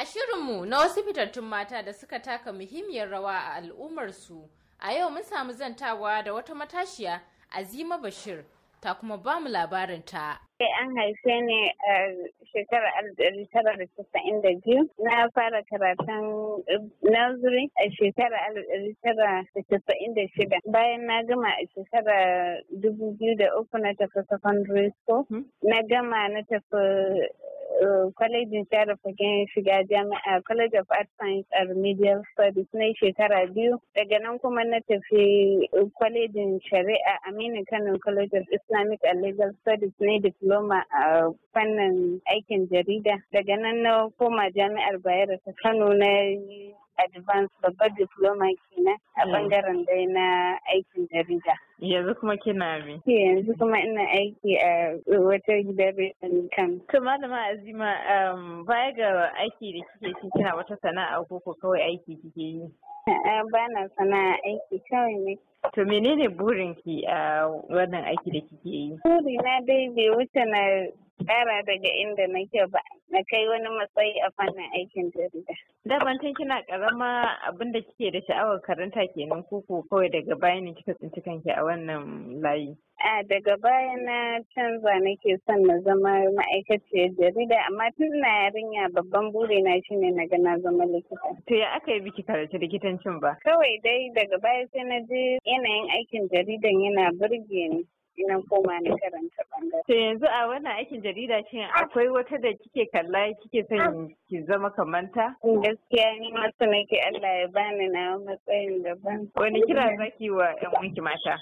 A shirinmu na wasu fitattun mata da suka taka muhimmiyar rawa a al'ummarsu, a yau mun samu zantawa da wata matashiya Azima Bashir ta kuma ba mu labarin labarinta. Eh, an haife ni a eh, shekarar tara da biyu. Na fara karatun eh, nazari a shekarar tara da shida. Bayan na gama a shekarar dubu biyu da uku na tafi secondary school. Hmm. Na gama na tafi kwalejin share fagen shiga jami'a college of art science and media studies na shekara biyu daga nan kuma na tafi kwalejin shari'a aminu kano college of islamic and legal studies na diploma a fannin aikin jarida daga nan na koma jami'ar bayero ta kano na advance babbar diploma kenan a bangaren hmm. dai na aikin jarida. Yanzu kuma kina me? Yanzu kuma ina aiki a wata gidan rediyon kan. To malama Azima um, baya ga aiki da kike kina wata sana'a ko ko kawai aiki kike yi? A'a ba na sana'a aiki kawai ne. To menene burinki a wannan aiki da kike yi? Burina dai bai wuce na ƙara daga inda nake ba na kai wani matsayi a fannin aikin jarida. Daban tun kina karama abinda kike da sha'awar karanta kenan koko kawai daga baya ne kika tsinci kanki a wannan layi. A daga baya na canza nake son na zama ma'aikaciyar jarida amma tun ina yarinya babban buri na shine na ga na zama likita. To ya aka yi biki karatu likitancin ba? Kawai dai daga baya sai na je yanayin aikin jaridan yana burge ni. nan koma na karanta bangare. To yanzu a wannan aikin jarida ce akwai wata da kike kalla kike son ki zama kamanta? Gaskiya ni masu nake Allah ya bani na matsayin daban. Wani kira zaki wa 'yan wanki mata?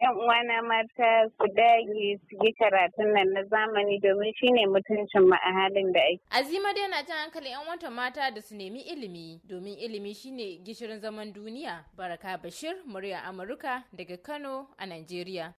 yan uwana mata su dage su yi karatun nan na zamani domin shine mutuncin mu a halin da ake. Azima dai na jan hankali yan wata mata da su nemi ilimi domin ilimi shine gishirin zaman duniya. Baraka Bashir, murya Amurka daga Kano a Najeriya.